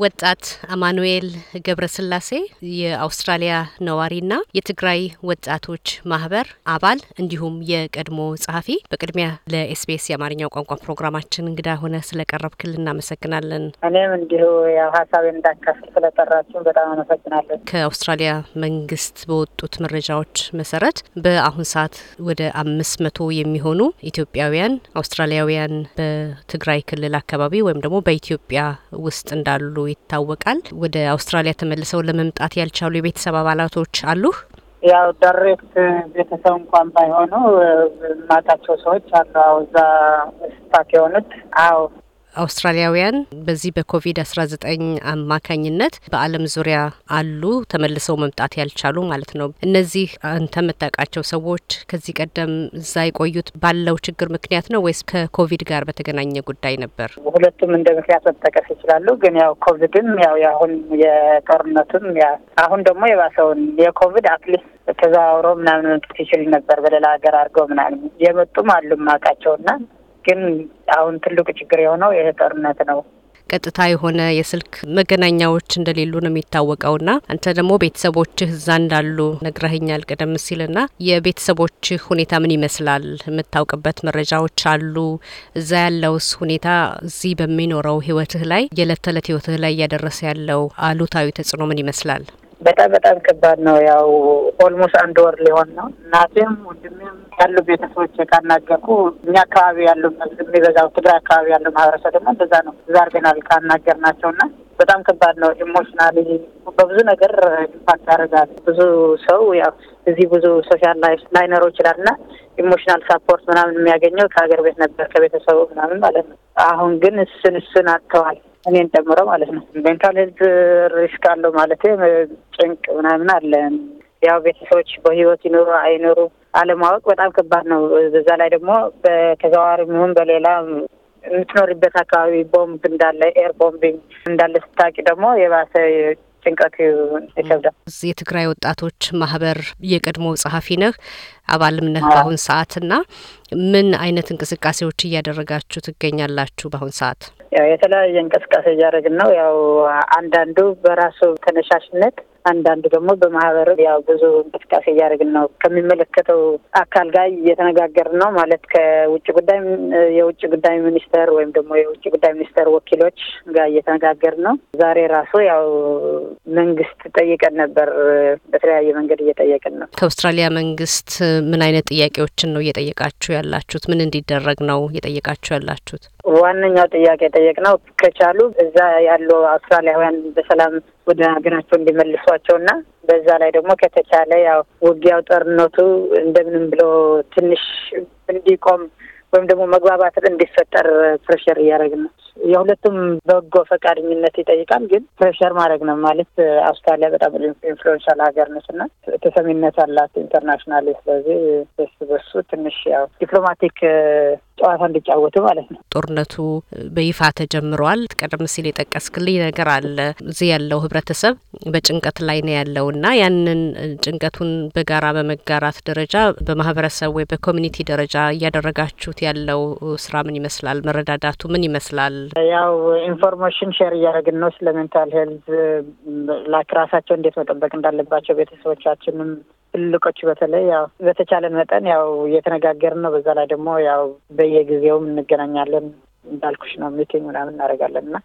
ወጣት አማኑኤል ገብረስላሴ የአውስትራሊያ ነዋሪና የትግራይ ወጣቶች ማህበር አባል እንዲሁም የቀድሞ ጸሐፊ፣ በቅድሚያ ለኤስቢኤስ የአማርኛው ቋንቋ ፕሮግራማችን እንግዳ ሆነ ስለቀረብክል እናመሰግናለን። እኔም እንዲሁ ያው ሀሳብ እንዳካፍል ስለጠራችሁን በጣም አመሰግናለን። ከአውስትራሊያ መንግስት በወጡት መረጃዎች መሰረት በአሁን ሰዓት ወደ አምስት መቶ የሚሆኑ ኢትዮጵያውያን አውስትራሊያውያን በትግራይ ክልል አካባቢ ወይም ደግሞ በኢትዮጵያ ውስጥ እንዳሉ ይታወቃል። ወደ አውስትራሊያ ተመልሰው ለመምጣት ያልቻሉ የቤተሰብ አባላቶች አሉ። ያው ዳይሬክት ቤተሰብ እንኳን ባይሆኑ ማጣቸው ሰዎች አሉ። እዛ ስታክ የሆኑት አዎ አውስትራሊያውያን በዚህ በኮቪድ-19 አማካኝነት በዓለም ዙሪያ አሉ ተመልሰው መምጣት ያልቻሉ ማለት ነው። እነዚህ አንተ የምታውቃቸው ሰዎች ከዚህ ቀደም እዛ የቆዩት ባለው ችግር ምክንያት ነው ወይስ ከኮቪድ ጋር በተገናኘ ጉዳይ ነበር? ሁለቱም እንደ ምክንያት መጠቀስ ይችላሉ። ግን ያው ኮቪድም ያው የአሁን የጦርነቱም አሁን ደግሞ የባሰውን የኮቪድ አትሊስት ተዘዋውሮ ምናምን መምጣት ይችል ነበር በሌላ ሀገር አድርገው ምናምን የመጡም አሉ ማውቃቸውና ግን አሁን ትልቁ ችግር የሆነው ይህ ጦርነት ነው። ቀጥታ የሆነ የስልክ መገናኛዎች እንደሌሉ ነው ና አንተ ደግሞ ቤተሰቦችህ እዛ እንዳሉ ነግረህኛል ቀደም ና የቤተሰቦችህ ሁኔታ ምን ይመስላል? የምታውቅበት መረጃዎች አሉ? እዛ ያለውስ ሁኔታ እዚህ በሚኖረው ህይወትህ ላይ የዕለት ተዕለት ህይወትህ ላይ እያደረሰ ያለው አሉታዊ ተጽዕኖ ምን ይመስላል? በጣም በጣም ከባድ ነው። ያው ኦልሞስት አንድ ወር ሊሆን ነው። እናቴም ወንድሜም ያሉ ቤተሰቦች ካናገርኩ እኛ አካባቢ ያሉ የሚበዛው ትግራይ አካባቢ ያሉ ማህበረሰብ ደግሞ እንደዛ ነው። እዛ አድርገናል ካናገር ናቸው እና በጣም ከባድ ነው። ኢሞሽናሊ በብዙ ነገር ኢምፓክት ያደርጋል። ብዙ ሰው ያው እዚህ ብዙ ሶሻል ላይኖረው ይችላል እና ኢሞሽናል ሳፖርት ምናምን የሚያገኘው ከሀገር ቤት ነበር ከቤተሰቡ ምናምን ማለት ነው። አሁን ግን እስን እስን አጥተዋል። እኔን ጨምሮ ማለት ነው። ሜንታል ሄልት ሪስክ አለው ማለት ጭንቅ ምናምን አለ። ያው ቤተሰቦች በህይወት ይኖሩ አይኖሩ አለማወቅ በጣም ከባድ ነው። በዛ ላይ ደግሞ በተዘዋዋሪ ይሁን በሌላ የምትኖሪበት አካባቢ ቦምብ እንዳለ ኤር ቦምቢንግ እንዳለ ስታቂ ደግሞ የባሰ ጭንቀት ይከብዳል። የትግራይ ወጣቶች ማህበር የቀድሞ ጸሐፊ ነህ። አባልም ነህ በአሁን ሰዓት እና ምን አይነት እንቅስቃሴዎች እያደረጋችሁ ትገኛላችሁ በአሁን ሰዓት? ያው የተለያየ እንቅስቃሴ እያደረግን ነው። ያው አንዳንዱ በራሱ ተነሻሽነት አንዳንዱ ደግሞ በማህበር ያው ብዙ እንቅስቃሴ እያደረግን ነው። ከሚመለከተው አካል ጋር እየተነጋገርን ነው ማለት ከውጭ ጉዳይ የውጭ ጉዳይ ሚኒስቴር ወይም ደግሞ የውጭ ጉዳይ ሚኒስቴር ወኪሎች ጋር እየተነጋገርን ነው። ዛሬ ራሱ ያው መንግስት ጠይቀን ነበር። በተለያየ መንገድ እየጠየቅን ነው። ከአውስትራሊያ መንግስት ምን አይነት ጥያቄዎችን ነው እየጠየቃችሁ ያላችሁት? ምን እንዲደረግ ነው እየጠየቃችሁ ያላችሁት? ዋነኛው ጥያቄ የጠየቅነው ከቻሉ እዛ ያሉ አውስትራሊያውያን በሰላም ወደ ሀገራቸው እንዲመልሷቸው እና በዛ ላይ ደግሞ ከተቻለ ያው ውጊያው ጦርነቱ እንደምንም ብሎ ትንሽ እንዲቆም ወይም ደግሞ መግባባት እንዲፈጠር ፕሬሽር እያደረግን ነው። የሁለቱም በጎ ፈቃደኝነት ይጠይቃል። ግን ፕሬሸር ማድረግ ነው ማለት አውስትራሊያ በጣም ኢንፍሉዌንሻል ሀገር ነች እና ተሰሚነት አላት ኢንተርናሽናል። ስለዚህ በሱ በሱ ትንሽ ያው ዲፕሎማቲክ ጨዋታ እንዲጫወቱ ማለት ነው። ጦርነቱ በይፋ ተጀምሯል። ቀደም ሲል የጠቀስክልኝ ነገር አለ። እዚህ ያለው ህብረተሰብ በጭንቀት ላይ ነው ያለው እና ያንን ጭንቀቱን በጋራ በመጋራት ደረጃ በማህበረሰብ ወይ በኮሚኒቲ ደረጃ እያደረጋችሁት ያለው ስራ ምን ይመስላል? መረዳዳቱ ምን ይመስላል? ያው ኢንፎርሜሽን ሼር እያደረግን ነው ስለ ሜንታል ሄልዝ ላክ ራሳቸው እንዴት መጠበቅ እንዳለባቸው ቤተሰቦቻችንም ትልቆች በተለይ ያው በተቻለን መጠን ያው እየተነጋገርን ነው። በዛ ላይ ደግሞ ያው በየጊዜውም እንገናኛለን። እንዳልኩሽ ነው ሚቲንግ ምናምን እናደርጋለን እና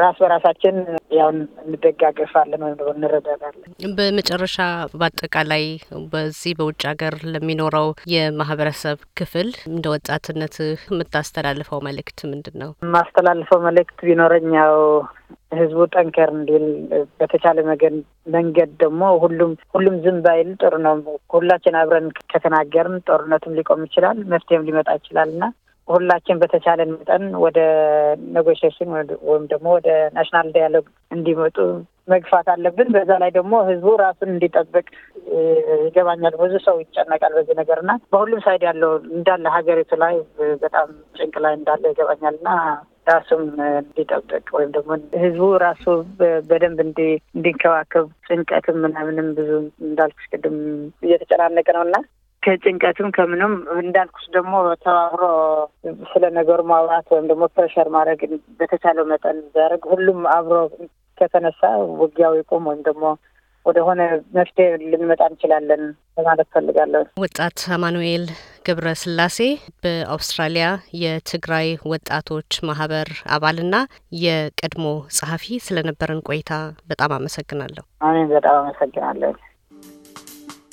ራስ በራሳችን ያውን እንደጋገፋለን ወይም ደግሞ እንረዳዳለን። በመጨረሻ በአጠቃላይ በዚህ በውጭ ሀገር ለሚኖረው የማህበረሰብ ክፍል እንደ ወጣትነት የምታስተላልፈው መልእክት ምንድን ነው? የማስተላልፈው መልእክት ቢኖረኝ ያው ህዝቡ ጠንከር እንዲል በተቻለ መገን መንገድ ደግሞ ሁሉም ሁሉም ዝም ባይል ጥሩ ነው። ሁላችን አብረን ከተናገርን ጦርነቱም ሊቆም ይችላል፣ መፍትሄም ሊመጣ ይችላል እና ሁላችን በተቻለን መጠን ወደ ኔጎሽሽን ወይም ደግሞ ወደ ናሽናል ዳያሎግ እንዲመጡ መግፋት አለብን። በዛ ላይ ደግሞ ህዝቡ ራሱን እንዲጠብቅ ይገባኛል። ብዙ ሰው ይጨነቃል በዚህ ነገር እና በሁሉም ሳይድ ያለው እንዳለ ሀገሪቱ ላይ በጣም ጭንቅ ላይ እንዳለ ይገባኛል እና ራሱም እንዲጠብቅ ወይም ደግሞ ህዝቡ ራሱ በደንብ እንዲንከባከብ ጭንቀትም ምናምንም ብዙ እንዳልኩሽ ቅድም እየተጨናነቀ ነው እና ከጭንቀትም ከምንም እንዳልኩስ ደግሞ ተባብሮ ስለ ነገሩ ማውራት ወይም ደግሞ ፕሬሸር ማድረግ በተቻለው መጠን ቢያደርግ ሁሉም አብሮ ከተነሳ ውጊያው ቁም ወይም ደግሞ ወደሆነ መፍትሄ ልንመጣ እንችላለን በማለት ፈልጋለሁ። ወጣት አማኑኤል ገብረ ስላሴ በአውስትራሊያ የትግራይ ወጣቶች ማህበር አባልና የቀድሞ ጸሐፊ ስለነበረን ቆይታ በጣም አመሰግናለሁ። እኔም በጣም አመሰግናለሁ።